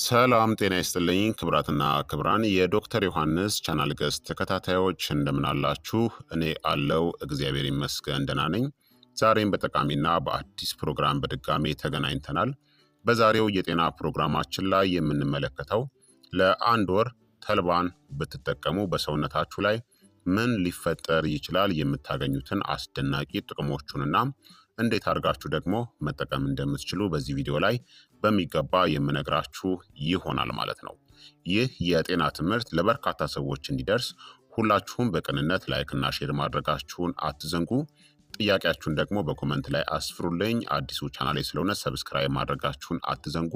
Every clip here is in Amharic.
ሰላም ጤና ይስጥልኝ ክብራትና ክብራን የዶክተር ዮሐንስ ቻናል ገጽ ተከታታዮች እንደምናላችሁ። እኔ አለው እግዚአብሔር ይመስገን ደህና ነኝ። ዛሬም በጠቃሚና በአዲስ ፕሮግራም በድጋሜ ተገናኝተናል። በዛሬው የጤና ፕሮግራማችን ላይ የምንመለከተው ለአንድ ወር ተልባን ብትጠቀሙ በሰውነታችሁ ላይ ምን ሊፈጠር ይችላል፣ የምታገኙትን አስደናቂ ጥቅሞቹንና እንዴት አድርጋችሁ ደግሞ መጠቀም እንደምትችሉ በዚህ ቪዲዮ ላይ በሚገባ የምነግራችሁ ይሆናል ማለት ነው። ይህ የጤና ትምህርት ለበርካታ ሰዎች እንዲደርስ ሁላችሁም በቅንነት ላይክና ሼር ማድረጋችሁን አትዘንጉ። ጥያቄያችሁን ደግሞ በኮመንት ላይ አስፍሩልኝ። አዲሱ ቻናሌ ስለሆነ ሰብስክራይብ ማድረጋችሁን አትዘንጉ።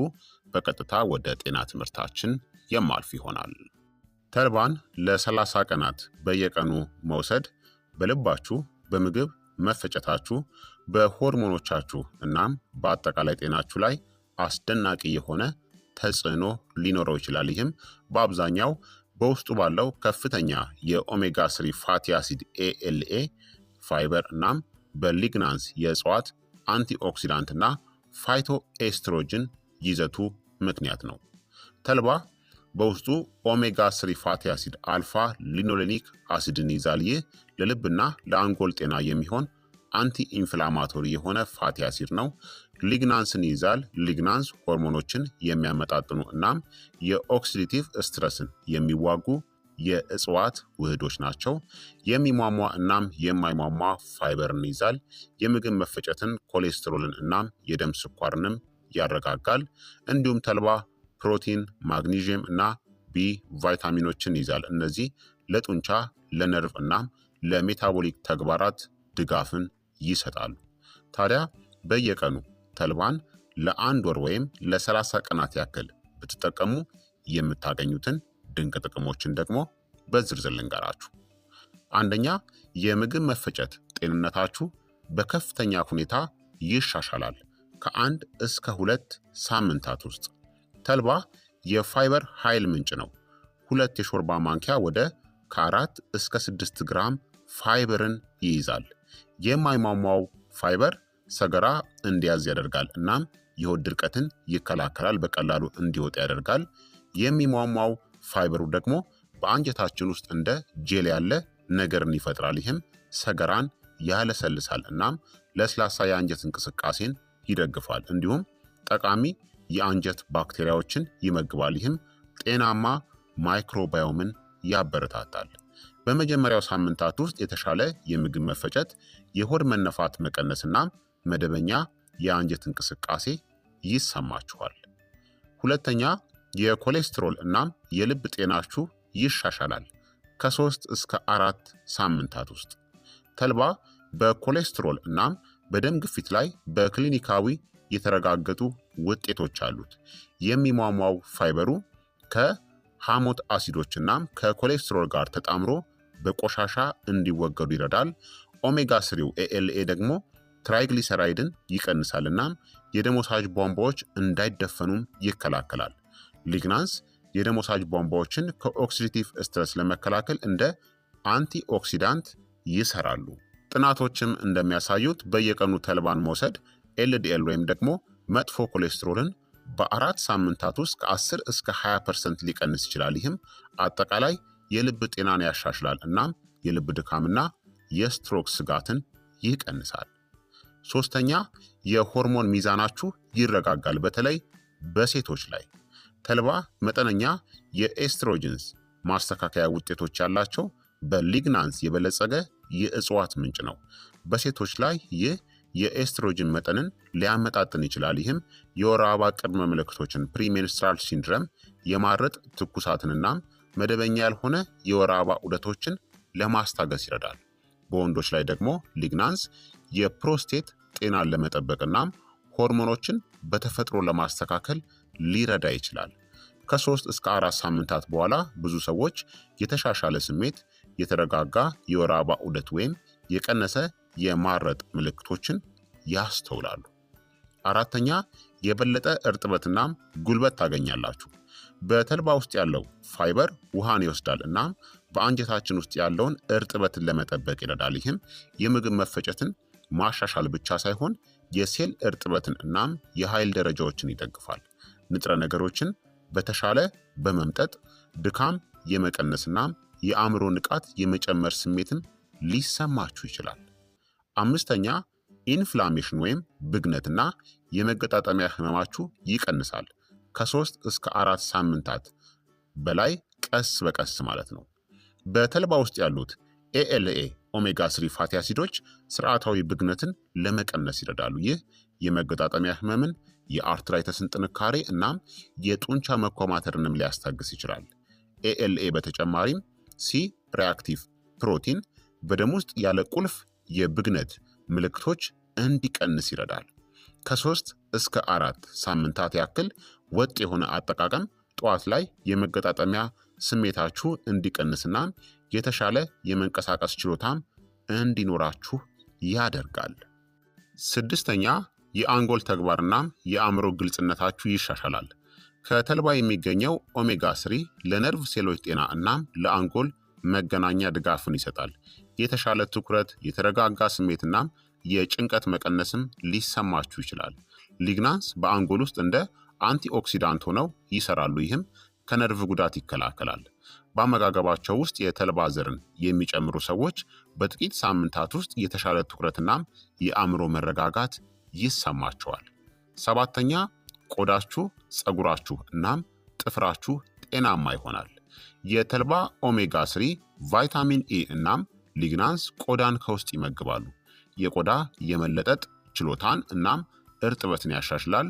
በቀጥታ ወደ ጤና ትምህርታችን የማልፍ ይሆናል። ተልባን ለ30 ቀናት በየቀኑ መውሰድ በልባችሁ፣ በምግብ መፈጨታችሁ፣ በሆርሞኖቻችሁ እናም በአጠቃላይ ጤናችሁ ላይ አስደናቂ የሆነ ተጽዕኖ ሊኖረው ይችላል። ይህም በአብዛኛው በውስጡ ባለው ከፍተኛ የኦሜጋ ስሪ ፋቲ አሲድ ኤኤልኤ፣ ፋይበር እናም በሊግናንስ የእጽዋት እና ፋይቶ ኤስትሮጅን ይዘቱ ምክንያት ነው። ተልባ በውስጡ ኦሜጋ ስሪ ፋቲ አሲድ፣ አልፋ ሊኖሌኒክ አሲድን ይዛል። ይህ ለልብና ለአንጎል ጤና የሚሆን አንቲ ኢንፍላማቶሪ የሆነ ፋቲ አሲድ ነው። ሊግናንስን ይይዛል። ሊግናንስ ሆርሞኖችን የሚያመጣጥኑ እናም የኦክሲዲቲቭ ስትረስን የሚዋጉ የእጽዋት ውህዶች ናቸው። የሚሟሟ እናም የማይሟሟ ፋይበርን ይዛል። የምግብ መፈጨትን፣ ኮሌስትሮልን እናም የደም ስኳርንም ያረጋጋል። እንዲሁም ተልባ ፕሮቲን፣ ማግኒዥየም እና ቢ ቫይታሚኖችን ይዛል። እነዚህ ለጡንቻ ለነርቭ እናም ለሜታቦሊክ ተግባራት ድጋፍን ይሰጣሉ። ታዲያ በየቀኑ ተልባን ለአንድ ወር ወይም ለ30 ቀናት ያክል ብትጠቀሙ የምታገኙትን ድንቅ ጥቅሞችን ደግሞ በዝርዝር ልንገራችሁ። አንደኛ የምግብ መፈጨት ጤንነታችሁ በከፍተኛ ሁኔታ ይሻሻላል። ከአንድ እስከ ሁለት ሳምንታት ውስጥ ተልባ የፋይበር ኃይል ምንጭ ነው። ሁለት የሾርባ ማንኪያ ወደ ከአራት እስከ ስድስት ግራም ፋይበርን ይይዛል። የማይሟሟው ፋይበር ሰገራ እንዲያዝ ያደርጋል። እናም የሆድ ድርቀትን ይከላከላል፣ በቀላሉ እንዲወጣ ያደርጋል። የሚሟሟው ፋይበሩ ደግሞ በአንጀታችን ውስጥ እንደ ጄል ያለ ነገርን ይፈጥራል። ይህም ሰገራን ያለሰልሳል። እናም ለስላሳ የአንጀት እንቅስቃሴን ይደግፋል። እንዲሁም ጠቃሚ የአንጀት ባክቴሪያዎችን ይመግባል። ይህም ጤናማ ማይክሮባዮምን ያበረታታል። በመጀመሪያው ሳምንታት ውስጥ የተሻለ የምግብ መፈጨት፣ የሆድ መነፋት መቀነስና መደበኛ የአንጀት እንቅስቃሴ ይሰማችኋል። ሁለተኛ የኮሌስትሮል እናም የልብ ጤናችሁ ይሻሻላል። ከሶስት እስከ አራት ሳምንታት ውስጥ ተልባ በኮሌስትሮል እናም በደም ግፊት ላይ በክሊኒካዊ የተረጋገጡ ውጤቶች አሉት። የሚሟሟው ፋይበሩ ከሃሞት አሲዶች እናም ከኮሌስትሮል ጋር ተጣምሮ በቆሻሻ እንዲወገዱ ይረዳል። ኦሜጋ ስሪው ኤኤልኤ ደግሞ ትራይግሊሰራይድን ይቀንሳል እናም የደም ወሳጅ ቧንቧዎች እንዳይደፈኑም ይከላከላል። ሊግናንስ የደም ወሳጅ ቧንቧዎችን ከኦክሲዲቲቭ ስትረስ ለመከላከል እንደ አንቲኦክሲዳንት ይሰራሉ። ጥናቶችም እንደሚያሳዩት በየቀኑ ተልባን መውሰድ ኤልዲኤል ወይም ደግሞ መጥፎ ኮሌስትሮልን በአራት ሳምንታት ውስጥ ከ10 እስከ 20 ፐርሰንት ሊቀንስ ይችላል። ይህም አጠቃላይ የልብ ጤናን ያሻሽላል እናም የልብ ድካምና የስትሮክ ስጋትን ይቀንሳል። ሶስተኛ የሆርሞን ሚዛናችሁ ይረጋጋል፣ በተለይ በሴቶች ላይ። ተልባ መጠነኛ የኤስትሮጅንስ ማስተካከያ ውጤቶች ያላቸው በሊግናንስ የበለጸገ የእጽዋት ምንጭ ነው። በሴቶች ላይ ይህ የኤስትሮጅን መጠንን ሊያመጣጥን ይችላል። ይህም የወር አበባ ቅድመ ምልክቶችን ፕሪሜንስትራል ሲንድረም፣ የማረጥ ትኩሳትንናም መደበኛ ያልሆነ የወር አበባ ዑደቶችን ለማስታገስ ይረዳል። በወንዶች ላይ ደግሞ ሊግናንስ የፕሮስቴት ጤናን ለመጠበቅናም ሆርሞኖችን በተፈጥሮ ለማስተካከል ሊረዳ ይችላል። ከሶስት እስከ አራት ሳምንታት በኋላ ብዙ ሰዎች የተሻሻለ ስሜት፣ የተረጋጋ የወር አበባ ዑደት ወይም የቀነሰ የማረጥ ምልክቶችን ያስተውላሉ። አራተኛ የበለጠ እርጥበትናም ጉልበት ታገኛላችሁ። በተልባ ውስጥ ያለው ፋይበር ውሃን ይወስዳል እና በአንጀታችን ውስጥ ያለውን እርጥበትን ለመጠበቅ ይረዳል። ይህም የምግብ መፈጨትን ማሻሻል ብቻ ሳይሆን የሴል እርጥበትን እናም የኃይል ደረጃዎችን ይደግፋል። ንጥረ ነገሮችን በተሻለ በመምጠጥ ድካም የመቀነስ እናም የአእምሮ ንቃት የመጨመር ስሜትን ሊሰማችሁ ይችላል። አምስተኛ ኢንፍላሜሽን ወይም ብግነትና የመገጣጠሚያ ህመማችሁ ይቀንሳል። ከሶስት እስከ አራት ሳምንታት በላይ ቀስ በቀስ ማለት ነው። በተልባ ውስጥ ያሉት ኤኤልኤ ኦሜጋ 3 ፋቲ አሲዶች ስርዓታዊ ብግነትን ለመቀነስ ይረዳሉ። ይህ የመገጣጠሚያ ህመምን፣ የአርትራይተስን ጥንካሬ እናም የጡንቻ መኮማተርንም ሊያስታግስ ይችላል። ኤኤልኤ በተጨማሪም ሲ ሪአክቲቭ ፕሮቲን በደም ውስጥ ያለ ቁልፍ የብግነት ምልክቶች እንዲቀንስ ይረዳል። ከሶስት እስከ አራት ሳምንታት ያክል ወጥ የሆነ አጠቃቀም ጠዋት ላይ የመገጣጠሚያ ስሜታችሁ እንዲቀንስና የተሻለ የመንቀሳቀስ ችሎታም እንዲኖራችሁ ያደርጋል። ስድስተኛ የአንጎል ተግባርና የአእምሮ ግልጽነታችሁ ይሻሻላል። ከተልባ የሚገኘው ኦሜጋ ስሪ ለነርቭ ሴሎች ጤና እናም ለአንጎል መገናኛ ድጋፍን ይሰጣል። የተሻለ ትኩረት፣ የተረጋጋ ስሜትናም የጭንቀት መቀነስም ሊሰማችሁ ይችላል። ሊግናንስ በአንጎል ውስጥ እንደ አንቲኦክሲዳንት ሆነው ይሰራሉ። ይህም ከነርቭ ጉዳት ይከላከላል። በአመጋገባቸው ውስጥ የተልባ ዘርን የሚጨምሩ ሰዎች በጥቂት ሳምንታት ውስጥ የተሻለ ትኩረትናም የአእምሮ መረጋጋት ይሰማቸዋል። ሰባተኛ ቆዳችሁ፣ ፀጉራችሁ እናም ጥፍራችሁ ጤናማ ይሆናል። የተልባ ኦሜጋ ስሪ፣ ቫይታሚን ኤ እናም ሊግናንስ ቆዳን ከውስጥ ይመግባሉ። የቆዳ የመለጠጥ ችሎታን እናም እርጥበትን ያሻሽላል።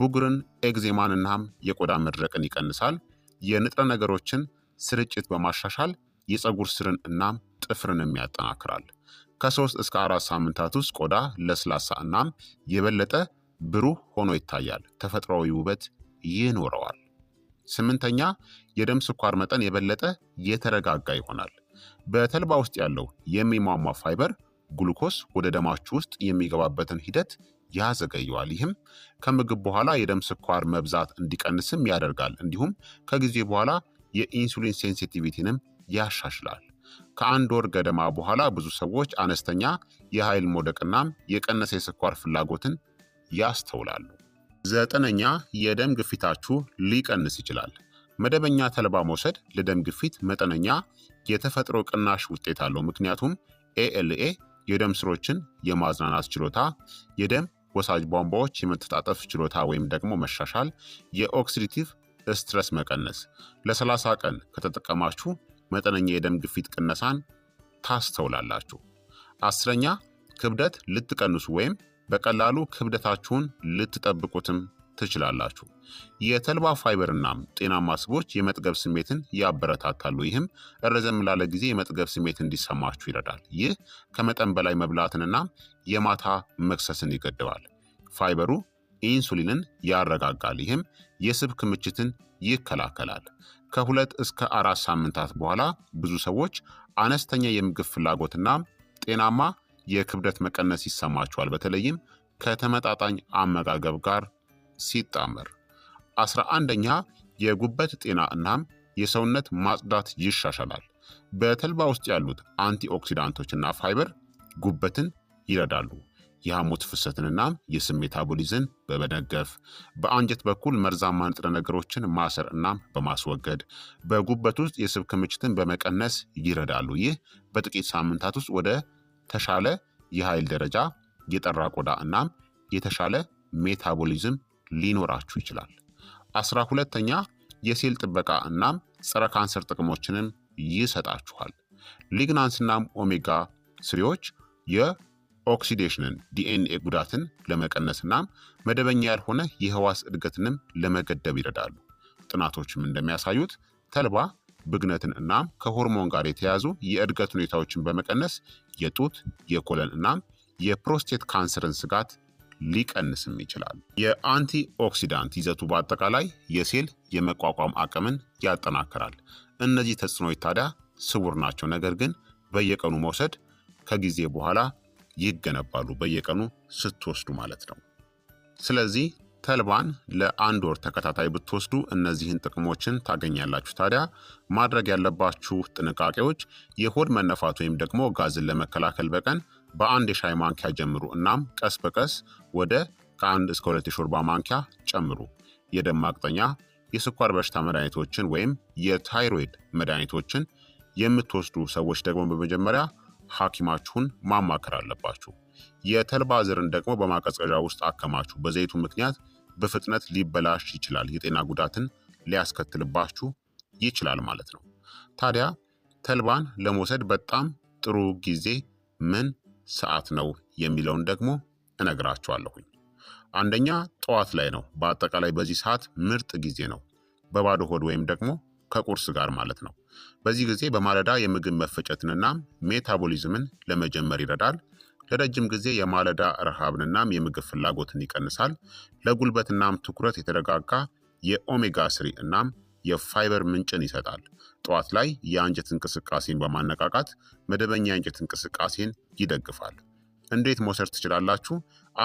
ብጉርን፣ ኤግዜማንናም እናም የቆዳ መድረቅን ይቀንሳል። የንጥረ ነገሮችን ስርጭት በማሻሻል የፀጉር ስርን እናም ጥፍርንም ያጠናክራል። ከሶስት እስከ አራት ሳምንታት ውስጥ ቆዳ ለስላሳ እናም የበለጠ ብሩህ ሆኖ ይታያል። ተፈጥሯዊ ውበት ይኖረዋል። ስምንተኛ የደም ስኳር መጠን የበለጠ የተረጋጋ ይሆናል። በተልባ ውስጥ ያለው የሚሟሟ ፋይበር ግሉኮስ ወደ ደማችሁ ውስጥ የሚገባበትን ሂደት ያዘገየዋል። ይህም ከምግብ በኋላ የደም ስኳር መብዛት እንዲቀንስም ያደርጋል። እንዲሁም ከጊዜ በኋላ የኢንሱሊን ሴንሲቲቪቲንም ያሻሽላል። ከአንድ ወር ገደማ በኋላ ብዙ ሰዎች አነስተኛ የኃይል መውደቅናም የቀነሰ የስኳር ፍላጎትን ያስተውላሉ። ዘጠነኛ የደም ግፊታችሁ ሊቀንስ ይችላል። መደበኛ ተልባ መውሰድ ለደም ግፊት መጠነኛ የተፈጥሮ ቅናሽ ውጤት አለው። ምክንያቱም ኤኤልኤ የደም ስሮችን የማዝናናት ችሎታ፣ የደም ወሳጅ ቧንቧዎች የመተጣጠፍ ችሎታ ወይም ደግሞ መሻሻል፣ የኦክሲዲቲቭ ስትረስ መቀነስ። ለ30 ቀን ከተጠቀማችሁ መጠነኛ የደም ግፊት ቅነሳን ታስተውላላችሁ። አስረኛ ክብደት ልትቀንሱ ወይም በቀላሉ ክብደታችሁን ልትጠብቁትም ትችላላችሁ። የተልባ ፋይበርና ጤናማ ስቦች የመጥገብ ስሜትን ያበረታታሉ። ይህም ረዘም ላለ ጊዜ የመጥገብ ስሜት እንዲሰማችሁ ይረዳል። ይህ ከመጠን በላይ መብላትንና የማታ መክሰስን ይገድባል። ፋይበሩ ኢንሱሊንን ያረጋጋል። ይህም የስብ ክምችትን ይከላከላል። ከሁለት እስከ አራት ሳምንታት በኋላ ብዙ ሰዎች አነስተኛ የምግብ ፍላጎትና ጤናማ የክብደት መቀነስ ይሰማቸዋል። በተለይም ከተመጣጣኝ አመጋገብ ጋር ሲጣመር። አስራ አንደኛ የጉበት ጤና እናም የሰውነት ማጽዳት ይሻሻላል። በተልባ ውስጥ ያሉት እና ፋይበር ጉበትን ይረዳሉ። የሐሞት ፍሰትንና የስብ ሜታቦሊዝን በመደገፍ በአንጀት በኩል መርዛማ ንጥረ ነገሮችን ማሰር እናም በማስወገድ በጉበት ውስጥ የስብ ክምችትን በመቀነስ ይረዳሉ። ይህ በጥቂት ሳምንታት ውስጥ ወደ ተሻለ የኃይል ደረጃ፣ የጠራ ቆዳ እናም የተሻለ ሜታቦሊዝም ሊኖራችሁ ይችላል። አስራ ሁለተኛ የሴል ጥበቃ እናም ጸረ ካንሰር ጥቅሞችንም ይሰጣችኋል። ሊግናንስ እናም ኦሜጋ ስሪዎች የኦክሲዴሽንን ዲኤንኤ ጉዳትን ለመቀነስ እናም መደበኛ ያልሆነ የህዋስ እድገትንም ለመገደብ ይረዳሉ። ጥናቶችም እንደሚያሳዩት ተልባ ብግነትን እናም ከሆርሞን ጋር የተያዙ የእድገት ሁኔታዎችን በመቀነስ የጡት የኮለን እናም የፕሮስቴት ካንሰርን ስጋት ሊቀንስም ይችላል። የአንቲ ኦክሲዳንት ይዘቱ በአጠቃላይ የሴል የመቋቋም አቅምን ያጠናክራል። እነዚህ ተጽዕኖዎች ታዲያ ስውር ናቸው፣ ነገር ግን በየቀኑ መውሰድ ከጊዜ በኋላ ይገነባሉ። በየቀኑ ስትወስዱ ማለት ነው። ስለዚህ ተልባን ለአንድ ወር ተከታታይ ብትወስዱ እነዚህን ጥቅሞችን ታገኛላችሁ። ታዲያ ማድረግ ያለባችሁ ጥንቃቄዎች የሆድ መነፋት ወይም ደግሞ ጋዝን ለመከላከል በቀን በአንድ የሻይ ማንኪያ ጀምሩ። እናም ቀስ በቀስ ወደ ከአንድ እስከ ሁለት የሾርባ ማንኪያ ጨምሩ። የደም ማቅጠኛ፣ የስኳር በሽታ መድኃኒቶችን ወይም የታይሮይድ መድኃኒቶችን የምትወስዱ ሰዎች ደግሞ በመጀመሪያ ሐኪማችሁን ማማከር አለባችሁ። የተልባ ዘርን ደግሞ በማቀዝቀዣ ውስጥ አከማችሁ። በዘይቱ ምክንያት በፍጥነት ሊበላሽ ይችላል። የጤና ጉዳትን ሊያስከትልባችሁ ይችላል ማለት ነው። ታዲያ ተልባን ለመውሰድ በጣም ጥሩ ጊዜ ምን ሰዓት ነው የሚለውን ደግሞ እነግራችኋለሁኝ። አንደኛ ጠዋት ላይ ነው። በአጠቃላይ በዚህ ሰዓት ምርጥ ጊዜ ነው፣ በባዶ ሆድ ወይም ደግሞ ከቁርስ ጋር ማለት ነው። በዚህ ጊዜ በማለዳ የምግብ መፈጨትንና ሜታቦሊዝምን ለመጀመር ይረዳል። ለረጅም ጊዜ የማለዳ ረሃብንናም የምግብ ፍላጎትን ይቀንሳል። ለጉልበትናም ትኩረት የተረጋጋ የኦሜጋ ስሪ እናም የፋይበር ምንጭን ይሰጣል። ጠዋት ላይ የአንጀት እንቅስቃሴን በማነቃቃት መደበኛ የአንጀት እንቅስቃሴን ይደግፋል። እንዴት መውሰድ ትችላላችሁ?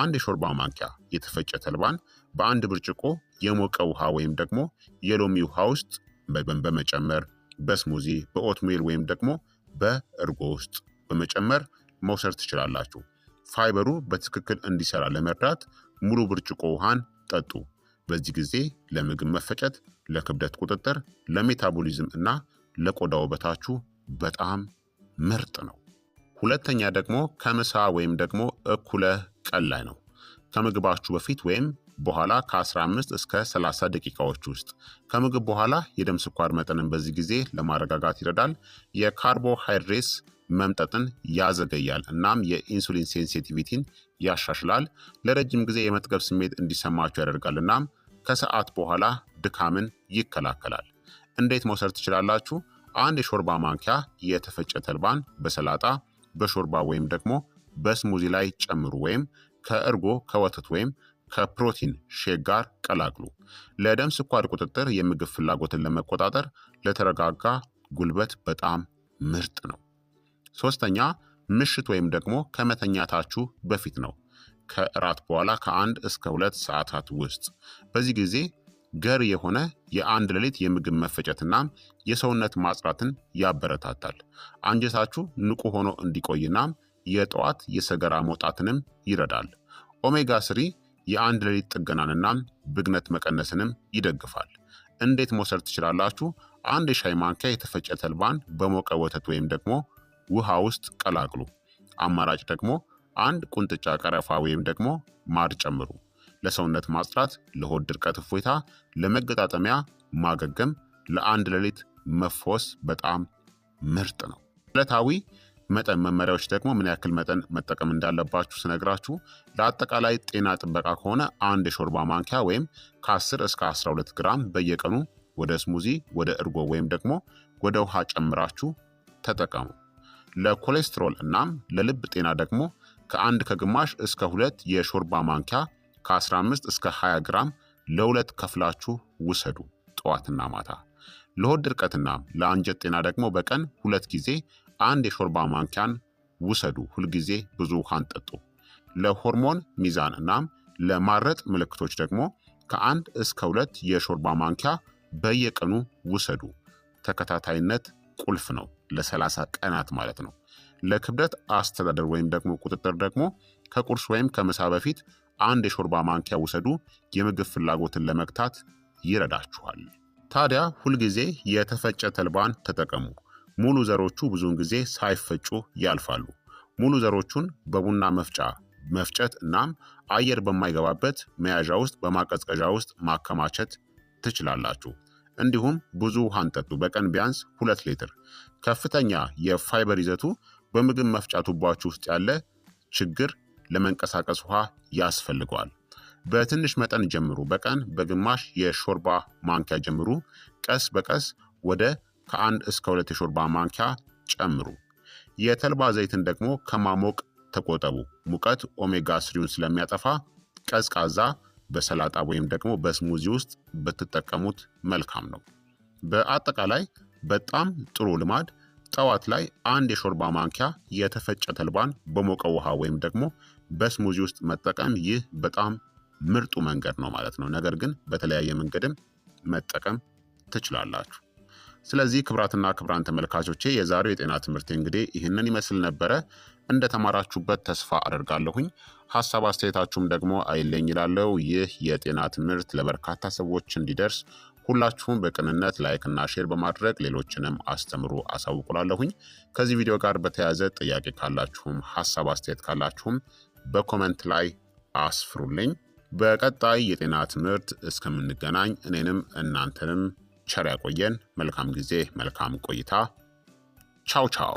አንድ የሾርባ ማንኪያ የተፈጨ ተልባን በአንድ ብርጭቆ የሞቀ ውሃ ወይም ደግሞ የሎሚ ውሃ ውስጥ በመጨመር በስሙዚ በኦትሜል ወይም ደግሞ በእርጎ ውስጥ በመጨመር መውሰድ ትችላላችሁ። ፋይበሩ በትክክል እንዲሰራ ለመርዳት ሙሉ ብርጭቆ ውሃን ጠጡ። በዚህ ጊዜ ለምግብ መፈጨት፣ ለክብደት ቁጥጥር፣ ለሜታቦሊዝም እና ለቆዳ ውበታችሁ በጣም ምርጥ ነው። ሁለተኛ ደግሞ ከምሳ ወይም ደግሞ እኩለ ቀን ላይ ነው። ከምግባችሁ በፊት ወይም በኋላ ከ15 እስከ 30 ደቂቃዎች ውስጥ ከምግብ በኋላ የደም ስኳር መጠንን በዚህ ጊዜ ለማረጋጋት ይረዳል። የካርቦሃይድሬትስ መምጠጥን ያዘገያል እናም የኢንሱሊን ሴንሲቲቪቲን ያሻሽላል። ለረጅም ጊዜ የመጥገብ ስሜት እንዲሰማችሁ ያደርጋል እናም ከሰዓት በኋላ ድካምን ይከላከላል። እንዴት መውሰድ ትችላላችሁ? አንድ የሾርባ ማንኪያ የተፈጨ ተልባን በሰላጣ በሾርባ ወይም ደግሞ በስሙዚ ላይ ጨምሩ ወይም ከእርጎ ከወተት ወይም ከፕሮቲን ሼክ ጋር ቀላቅሉ። ለደም ስኳር ቁጥጥር፣ የምግብ ፍላጎትን ለመቆጣጠር፣ ለተረጋጋ ጉልበት በጣም ምርጥ ነው። ሶስተኛ ምሽት ወይም ደግሞ ከመተኛታችሁ በፊት ነው፣ ከእራት በኋላ ከአንድ እስከ ሁለት ሰዓታት ውስጥ። በዚህ ጊዜ ገር የሆነ የአንድ ሌሊት የምግብ መፈጨትና የሰውነት ማጽዳትን ያበረታታል። አንጀታችሁ ንቁ ሆኖ እንዲቆይና የጠዋት የሰገራ መውጣትንም ይረዳል። ኦሜጋ ስሪ የአንድ ሌሊት ጥገናንና ብግነት መቀነስንም ይደግፋል። እንዴት መውሰድ ትችላላችሁ? አንድ የሻይ ማንኪያ የተፈጨ ተልባን በሞቀ ወተት ወይም ደግሞ ውሃ ውስጥ ቀላቅሉ። አማራጭ ደግሞ አንድ ቁንጥጫ ቀረፋ ወይም ደግሞ ማር ጨምሩ። ለሰውነት ማጽዳት፣ ለሆድ ድርቀት እፎይታ፣ ለመገጣጠሚያ ማገገም፣ ለአንድ ሌሊት መፎስ በጣም ምርጥ ነው። ዕለታዊ መጠን መመሪያዎች ደግሞ ምን ያክል መጠን መጠቀም እንዳለባችሁ ስነግራችሁ ለአጠቃላይ ጤና ጥበቃ ከሆነ አንድ የሾርባ ማንኪያ ወይም ከ10 እስከ 12 ግራም በየቀኑ ወደ ስሙዚ፣ ወደ እርጎ ወይም ደግሞ ወደ ውሃ ጨምራችሁ ተጠቀሙ። ለኮሌስትሮል እናም ለልብ ጤና ደግሞ ከአንድ ከግማሽ እስከ ሁለት የሾርባ ማንኪያ ከ15 እስከ 20 ግራም ለሁለት ከፍላችሁ ውሰዱ ጠዋትና ማታ። ለሆድ ድርቀትና ለአንጀት ጤና ደግሞ በቀን ሁለት ጊዜ አንድ የሾርባ ማንኪያን ውሰዱ። ሁልጊዜ ብዙ ውሃን ጠጡ። ለሆርሞን ሚዛን እናም ለማረጥ ምልክቶች ደግሞ ከአንድ እስከ ሁለት የሾርባ ማንኪያ በየቀኑ ውሰዱ። ተከታታይነት ቁልፍ ነው። ለ30 ቀናት ማለት ነው። ለክብደት አስተዳደር ወይም ደግሞ ቁጥጥር ደግሞ ከቁርስ ወይም ከምሳ በፊት አንድ የሾርባ ማንኪያ ውሰዱ። የምግብ ፍላጎትን ለመግታት ይረዳችኋል። ታዲያ ሁልጊዜ የተፈጨ ተልባን ተጠቀሙ። ሙሉ ዘሮቹ ብዙውን ጊዜ ሳይፈጩ ያልፋሉ። ሙሉ ዘሮቹን በቡና መፍጫ መፍጨት እናም አየር በማይገባበት መያዣ ውስጥ በማቀዝቀዣ ውስጥ ማከማቸት ትችላላችሁ። እንዲሁም ብዙ ውሃን ጠጡ። በቀን ቢያንስ ሁለት ሊትር። ከፍተኛ የፋይበር ይዘቱ በምግብ መፍጫ ቱቦአችሁ ውስጥ ያለ ችግር ለመንቀሳቀስ ውሃ ያስፈልገዋል። በትንሽ መጠን ጀምሩ። በቀን በግማሽ የሾርባ ማንኪያ ጀምሩ። ቀስ በቀስ ወደ ከአንድ እስከ ሁለት የሾርባ ማንኪያ ጨምሩ። የተልባ ዘይትን ደግሞ ከማሞቅ ተቆጠቡ። ሙቀት ኦሜጋ ስሪውን ስለሚያጠፋ ቀዝቃዛ በሰላጣ ወይም ደግሞ በስሙዚ ውስጥ ብትጠቀሙት መልካም ነው። በአጠቃላይ በጣም ጥሩ ልማድ ጠዋት ላይ አንድ የሾርባ ማንኪያ የተፈጨ ተልባን በሞቀ ውሃ ወይም ደግሞ በስሙዚ ውስጥ መጠቀም ይህ በጣም ምርጡ መንገድ ነው ማለት ነው። ነገር ግን በተለያየ መንገድም መጠቀም ትችላላችሁ። ስለዚህ ክብራትና ክብራን ተመልካቾቼ የዛሬው የጤና ትምህርቴ እንግዲህ ይህንን ይመስል ነበረ። እንደተማራችሁበት ተስፋ አደርጋለሁኝ። ሀሳብ አስተያየታችሁም ደግሞ አይለኝ ይላለው። ይህ የጤና ትምህርት ለበርካታ ሰዎች እንዲደርስ ሁላችሁም በቅንነት ላይክ እና ሼር በማድረግ ሌሎችንም አስተምሩ አሳውቁላለሁኝ። ከዚህ ቪዲዮ ጋር በተያያዘ ጥያቄ ካላችሁም ሀሳብ አስተያየት ካላችሁም በኮመንት ላይ አስፍሩልኝ። በቀጣይ የጤና ትምህርት እስከምንገናኝ እኔንም እናንተንም ቸር ያቆየን። መልካም ጊዜ፣ መልካም ቆይታ። ቻው ቻው።